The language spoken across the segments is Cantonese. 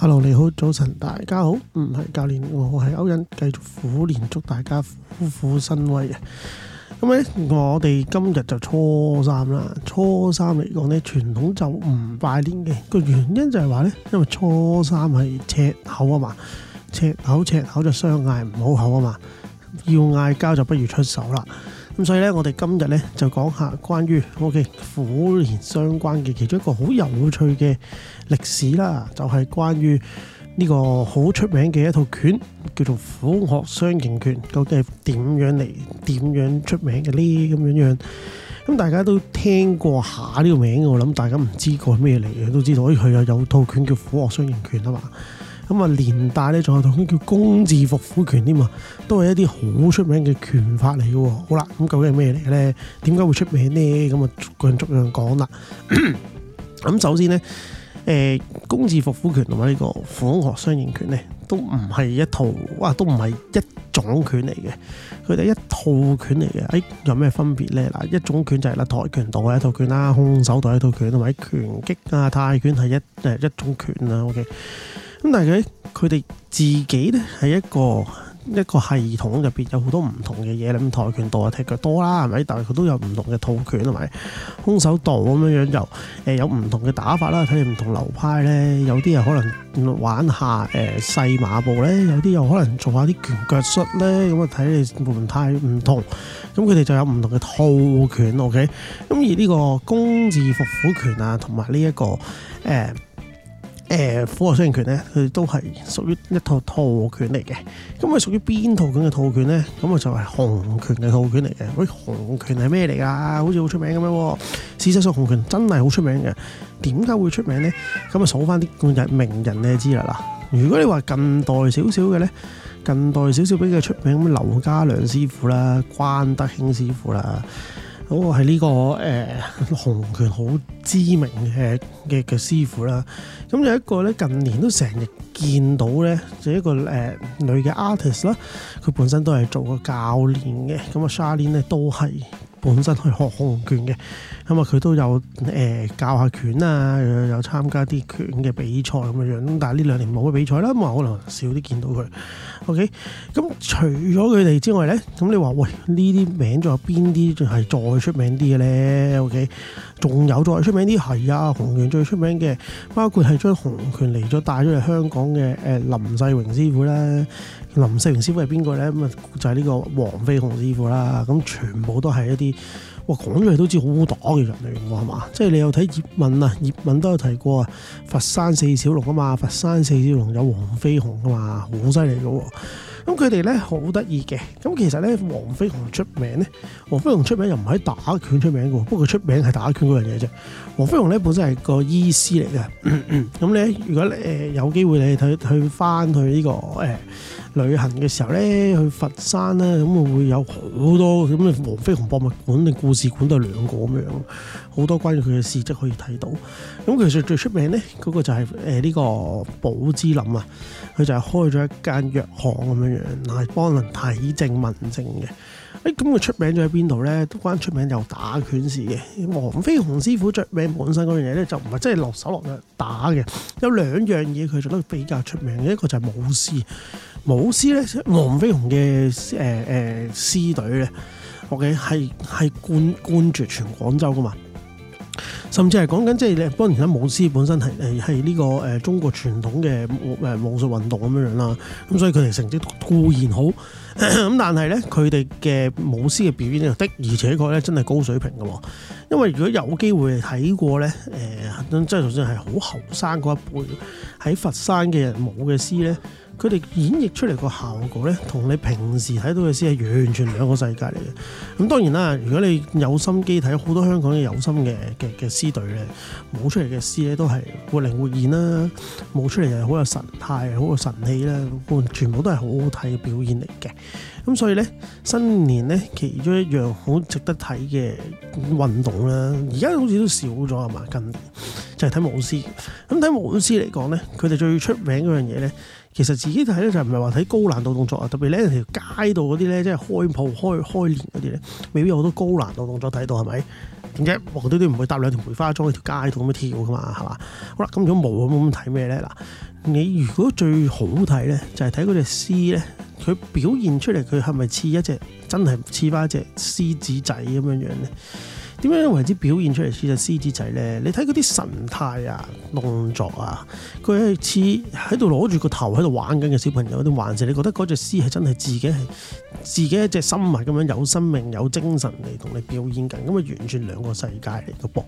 hello，你好，早晨，大家好，唔係教練，我係歐欣，繼續苦練，祝大家虎虎生威嘅。咁咧，我哋今日就初三啦。初三嚟講咧，傳統就唔拜年嘅，個原因就係話咧，因為初三係赤口啊嘛，赤口赤口就相嗌唔好口啊嘛，要嗌交就不如出手啦。咁所以咧，我哋今日咧就講下關於 O.K. 虎年相關嘅其中一個好有趣嘅歷史啦，就係、是、關於呢個好出名嘅一套拳，叫做虎鶴雙形拳，究竟係點樣嚟？點樣出名嘅呢？咁樣樣，咁大家都聽過下呢個名，我諗大家唔知個係咩嚟嘅，都知道，因佢有有套拳叫虎鶴雙形拳啊嘛。咁啊，連帶咧仲有套叫工字伏虎拳添嘛，都係一啲好出名嘅拳法嚟嘅。好啦，咁究竟係咩嚟嘅咧？點解會出名呢？咁啊，逐樣逐樣講啦。咁首先呢，誒工字伏虎拳同埋呢個虎鶴雙型拳咧，都唔係一套，哇，都唔係一種拳嚟嘅。佢哋一套拳嚟嘅。誒、哎，有咩分別咧？嗱，一種拳就係、是、啦，跆拳道一套拳啦，空手道一套拳，同埋拳擊啊，泰拳係一誒一種拳啊。O K。咁但係佢哋自己咧，係一個一個系統入邊有好多唔同嘅嘢，咁跆拳道踢腳多啦，係咪？但係佢都有唔同嘅套拳，係咪？空手道咁樣樣就誒、呃、有唔同嘅打法啦，睇你唔同流派咧，有啲啊可能玩下誒細、呃、馬步咧，有啲又可能做下啲拳腳術咧，咁啊睇你門派唔同，咁佢哋就有唔同嘅套拳，OK？咁而呢個工字伏虎拳啊，同埋呢一個誒。呃誒斧頭雙人咧，佢都係屬於一套拳來的、嗯、於一套拳嚟嘅。咁佢屬於邊套拳嘅套拳咧？咁啊就係洪拳嘅套拳嚟嘅。喂，洪拳係咩嚟啊？好似好出名咁樣喎。事實上，洪拳真係好出名嘅。點解會出名咧？咁啊數翻啲咁嘅名人嚟知啦。嗱，如果你話近代少少嘅咧，近代少少比較出名，咁劉家良師傅啦，關德興師傅啦。我係呢、這個誒，洪、呃、拳好知名嘅嘅嘅師傅啦。咁有一個咧，近年都成日見到咧，就一個、呃、女嘅 artist 啦。佢本身都係做個教練嘅。咁阿 Sharlene 咧都係，本身去學洪拳嘅，咁啊佢都有誒教下拳啊，有參加啲拳嘅比賽咁樣樣。咁但係呢兩年冇比賽啦，咁啊可能少啲見到佢。OK，咁除咗佢哋之外咧，咁你話喂呢啲名仲有邊啲仲係再出名啲嘅咧？OK，仲有再出名啲係啊！洪拳最出名嘅，包括係將洪拳嚟咗帶咗去香港嘅誒林世榮師傅啦。林世榮師傅係邊個咧？咁啊就係呢個黃飛鴻師傅啦。咁全部都係一啲哇講出嚟都知好打嘅人嚟嘅喎，係嘛？即係你有睇葉問啊？葉問都有提過啊。佛山四小龍啊嘛，佛山四小龍有黃飛鴻啊嘛，好犀利嘅。咁佢哋咧好得意嘅，咁其實咧，黃飛鴻出名咧，黃飛鴻出名又唔係打拳出名嘅，不過佢出名係打拳嗰樣嘢啫。黃飛鴻咧本身係個醫師嚟嘅，咁咧咳咳如果誒、呃、有機會你去去翻去呢、呢個、呃、旅行嘅時候咧，去佛山咧、啊，咁會有好多咁嘅黃飛鴻博物館定故事館都有兩個咁樣，好多關於佢嘅事跡可以睇到。咁其實最出名咧，嗰、嗰個就係、係、呢、呃呢個寶芝林啊，佢就係開咗一間藥行咁樣樣。係幫人睇症問症嘅，哎，咁佢出名咗喺邊度咧？都關出名又打拳事嘅，黃飛鴻師傅著名本身嗰樣嘢咧，就唔係真係落手落腳打嘅。有兩樣嘢佢做得比較出名嘅，一個就係舞獅。舞獅咧，黃飛鴻嘅誒誒獅隊咧，我嘅係係冠冠絕全廣州噶嘛。甚至係講緊即係你，當然啦，舞獅本身係誒係呢個誒、呃、中國傳統嘅誒武術運動咁樣樣啦，咁所以佢哋成績固然好，咁但係咧佢哋嘅舞獅嘅表演的而且確咧真係高水平嘅，因為如果有機會睇過咧，誒、呃、即係就算係好後生嗰一輩喺佛山嘅舞嘅獅咧。佢哋演繹出嚟個效果咧，同你平時睇到嘅獅係完全兩個世界嚟嘅。咁當然啦，如果你有心機睇好多香港嘅有心嘅嘅嘅獅隊咧，舞出嚟嘅獅咧都係活靈活現啦，舞出嚟又係好有神態，好有神氣啦，全部都係好好睇嘅表演嚟嘅。咁所以咧，新年咧其中一樣好值得睇嘅運動啦。而家好似都少咗係嘛，近年就係、是、睇舞獅。咁睇舞獅嚟講咧，佢哋最出名嗰樣嘢咧。其實自己睇咧就唔係話睇高難度動作啊，特別咧條街度嗰啲咧，即係開鋪開開年嗰啲咧，未必有好多高難度動作睇到係咪？點解橫掂，都唔會搭兩條梅花樁喺條街度咁樣跳噶嘛，係嘛？好啦，咁如果冇咁睇咩咧？嗱，你如果最好睇咧，就係睇嗰隻獅咧，佢表現出嚟，佢係咪似一隻真係似翻一隻獅子仔咁樣樣咧？點樣為之表現出嚟似隻獅子仔咧？你睇嗰啲神態啊、動作啊，佢係似喺度攞住個頭喺度玩緊嘅小朋友嗰啲玩蛇，還是你覺得嗰隻獅係真係自己係自己一隻生物咁樣有生命有精神嚟同你表演緊，咁啊完全兩個世界嚟嘅噃。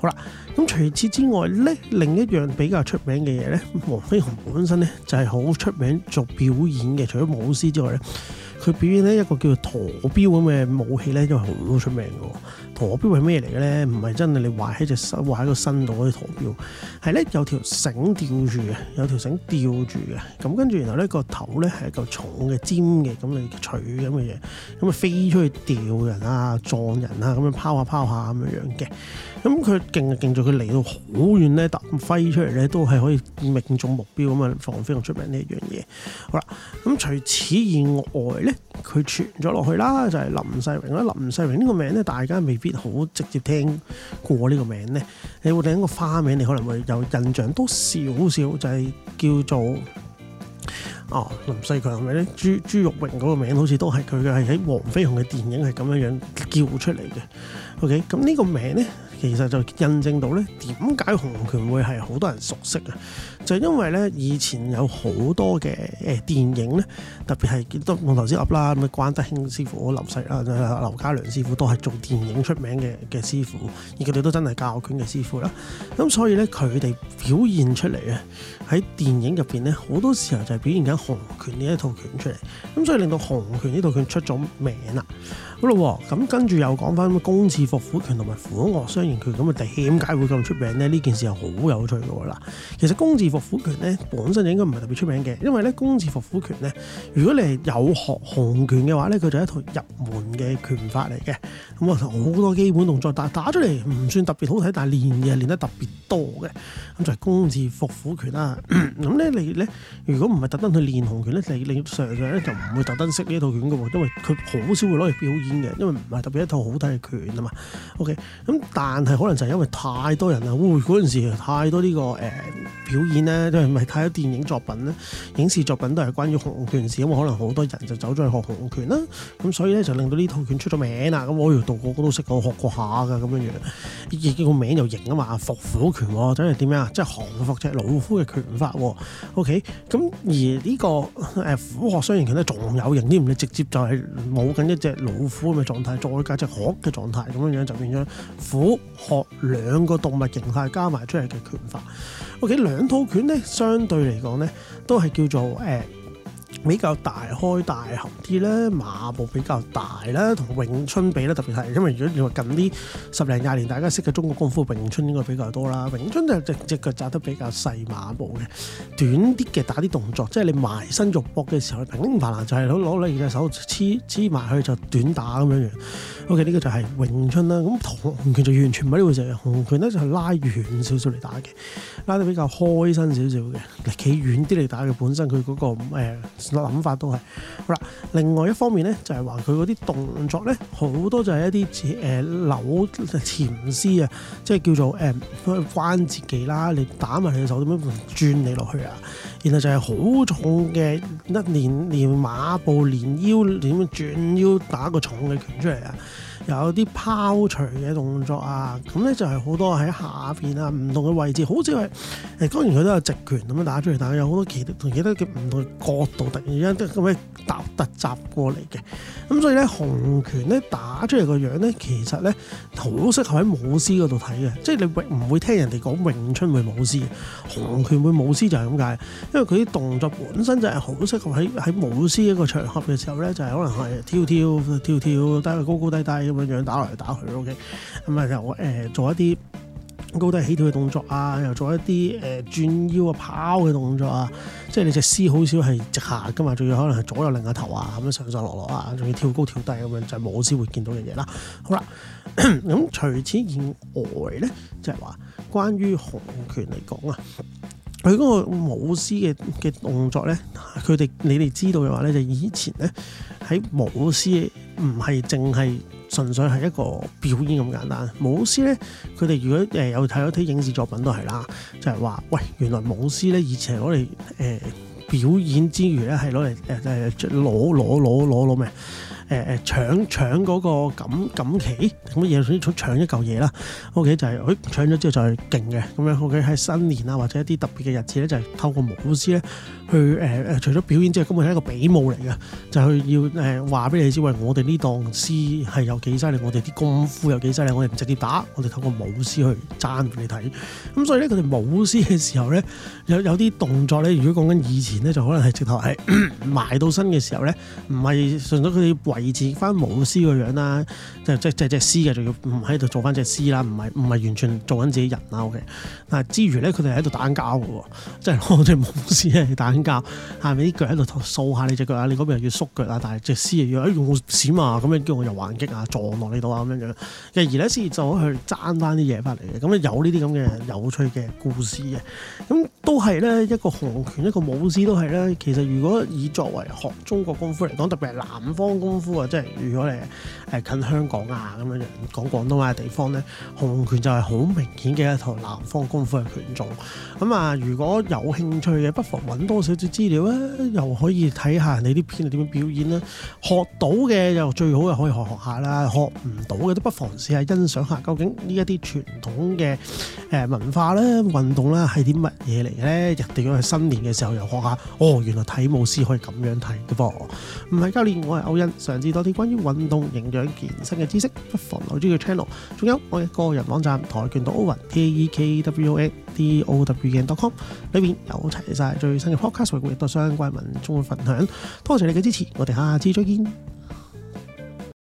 好啦，咁除此之外咧，另一樣比較出名嘅嘢咧，黃飛鴻本身咧就係好出名做表演嘅，除咗舞獅之外咧，佢表演咧一個叫做陀標咁嘅武器咧，都係好出名嘅陀標。係咩嚟嘅咧？唔係真係，你畫喺隻手，畫喺個身度嗰啲圖標，係咧，有條繩吊住嘅，有條繩吊住嘅。咁跟住，然後咧個頭咧係一嚿重嘅尖嘅，咁你取咁嘅嘢，咁啊飛出去吊人啊，撞人啊，咁樣拋下拋下咁樣樣嘅。咁佢勁啊勁在，佢嚟到好遠咧，彈飛出嚟咧都係可以命中目標咁啊，放飛咁出名呢一樣嘢。好啦，咁除此以外咧，佢傳咗落去啦，就係、是、林世榮啦。林世榮呢個名咧，大家未必好。都直接聽過呢個名咧，你會另一個花名，你可能會有印象都少少，就係叫做哦林世榮係咪咧？豬豬肉榮嗰個名好似都係佢嘅，係喺黃飛鴻嘅電影係咁樣樣叫出嚟嘅。OK，咁呢個名咧，其實就印證到咧，點解洪拳會係好多人熟悉啊？就是、因為咧，以前有好多嘅誒電影咧，特別係都我頭先噏啦，咁啊關德興師傅、林世啦劉家良師傅都係做電影出名嘅嘅師傅，而佢哋都真係教拳嘅師傅啦。咁所以咧，佢哋表現出嚟啊，喺電影入邊咧，好多時候就係表現緊洪拳呢一套拳出嚟。咁所以令到洪拳呢套拳出咗名啦。好喎，咁跟住又講翻公字伏虎拳同埋虎鶴雙型拳咁啊，點解會咁出名咧？呢件事係好有趣嘅啦。其實公字伏虎拳咧，本身就應該唔係特別出名嘅，因為咧，工字伏虎拳咧，如果你係有學洪拳嘅話咧，佢就係一套入門嘅拳法嚟嘅，咁啊好多基本動作，但打，打出嚟唔算特別好睇，但係練嘢練得特別多嘅，咁就係工字伏虎拳啦、啊。咁咧 你咧，如果唔係特登去練洪拳咧，你你上上咧就唔會特登識呢套拳嘅，因為佢好少會攞嚟表演嘅，因為唔係特別一套好睇嘅拳啊嘛。O K，咁但係可能就係因為太多人啦，會嗰陣時太多呢、這個誒、呃、表演。咧都係咪睇咗電影作品咧？影視作品都係關於洪拳事，是咁可能好多人就走咗去學洪拳啦。咁所以咧就令到呢套拳出咗名啦。咁我又到個個都識，我學過,我我學過一下噶咁樣樣，亦個名字又有型啊嘛。伏虎拳喎，真係點樣？即係降服隻老虎嘅拳法。OK，咁而呢、呢個誒虎鶴雙型拳咧，仲有型啲，唔係直接就係冇緊一隻老虎嘅狀態，再加隻鶴嘅狀態咁樣樣就變咗虎鶴兩個動物形態加埋出嚟嘅拳法。佢嘅兩套拳咧，相對嚟講咧，都係叫做誒，呃比較大開大合啲咧，馬步比較大啦，同詠春比咧，特別係因為如果你話近啲十零廿年大家識嘅中國功夫，詠春應該比較多啦。詠春就隻隻腳紮得比較細，馬步嘅短啲嘅打啲動作，即係你埋身肉搏嘅時候，佢平平凡凡就係攞攞你隻手黐黐埋去就短打咁樣樣。OK，呢個就係詠春啦。咁同洪拳就完全唔係呢回事，洪拳咧就係拉遠少少嚟打嘅，拉得比較開身少少嘅，企遠啲嚟打嘅，本身佢嗰、嗰個、呃諗法都係好啦。另外一方面咧，就係話佢嗰啲動作咧，好多就係一啲誒、呃、扭纏絲啊，即係叫做誒、呃、關節技啦，你打埋隻手點樣轉你落去啊。然後就係好重嘅一連連馬步連腰點樣轉腰打個重嘅拳出嚟啊。有啲拋除嘅動作啊，咁咧就係好多喺下邊啊，唔同嘅位置，好似係誒當然佢都有直拳咁樣打出嚟，但係有好多其他同其他嘅唔同角度突然之間咁樣搭突襲過嚟嘅，咁所以咧洪拳咧打出嚟個樣咧，其實咧好適合喺舞獅嗰度睇嘅，即係你唔會聽人哋講詠春會舞獅，洪拳會舞獅就係咁解，因為佢啲動作本身就係好適合喺喺舞獅一個場合嘅時候咧，就係、是、可能係跳跳跳跳，但係高高低低。咁樣樣打來打去，OK，咁啊就誒做一啲高低起跳嘅動作啊，又做一啲誒轉腰啊、跑嘅動作啊，即係你隻獅好少係直下噶嘛，仲要可能係左右擰下頭啊，咁樣上上落落啊，仲要跳高跳低咁樣，就係舞獅會見到嘅嘢啦。好啦，咁除、嗯、此以外咧，就係、是、話關於洪拳嚟講啊。佢、那、嗰個舞獅嘅嘅動作咧，佢哋你哋知道嘅話咧，就以前咧喺舞獅唔係淨係純粹係一個表演咁簡單。舞獅咧，佢哋如果誒有睇咗啲影視作品都係啦，就係、是、話喂，原來舞獅咧以前係攞嚟、呃、表演之餘咧，係攞嚟攞攞攞攞攞咩？呃誒誒搶搶嗰個錦錦旗咁乜嘢？總之搶一嚿嘢啦。O.K. 就係、是、誒搶咗之後就係勁嘅咁樣。O.K. 喺新年啊或者一啲特別嘅日子咧，就係、是、透過舞獅咧去誒誒、呃，除咗表演之外，根本係一個比武嚟嘅，就去、是、要誒話俾你知，喂，我哋呢檔師係有幾犀利，我哋啲功夫有幾犀利，我哋唔直接打，我哋透過舞獅去爭你睇。咁所以咧，佢哋舞獅嘅時候咧，有有啲動作咧，如果講緊以前咧，就可能係直頭係 埋到身嘅時候咧，唔係順咗佢哋。以前翻舞獅個樣啦，即係即係即係隻獅嘅，仲要唔喺度做翻隻獅啦，唔係唔係完全做緊自己人啦。O.K. 但係之餘咧，佢哋喺度打交嘅喎，即係攞隻舞獅嚟打交，下面啲腳喺度掃下你隻腳啊，你嗰邊又要縮腳啊，但係隻獅又要用閃嘛，咁、哎、樣叫我又還擊啊，撞落你度啊咁樣樣。而呢啲就去爭翻啲嘢翻嚟嘅，咁咧有呢啲咁嘅有趣嘅故事嘅，咁都係咧一個洪拳一個舞獅都係咧。其實如果以作為學中國功夫嚟講，特別係南方功。即係如果你係近香港啊咁樣樣講廣東話嘅地方咧，洪拳就係好明顯嘅一套南方功夫嘅拳種。咁啊，如果有興趣嘅，不妨揾多少少資料啊，又可以睇下你啲片係點樣表演啦。學到嘅又最好又可以學學下啦。學唔到嘅都不妨試下欣賞下，究竟呢一啲傳統嘅誒文化咧、運動咧係啲乜嘢嚟嘅咧？一定要喺新年嘅時候又學下。哦，原來睇舞獅可以咁樣睇嘅噃。唔係，教練我係歐欣。嘗試多啲關於運動、營養、健身嘅知識，不妨留住個 channel。仲有，我嘅個人網站跆拳道 Owen，T A E K W O N D O W E N.dot.com，裏面有齊晒最新嘅 podcast 回顧，亦都相關文章分享。多謝你嘅支持，我哋下次再見。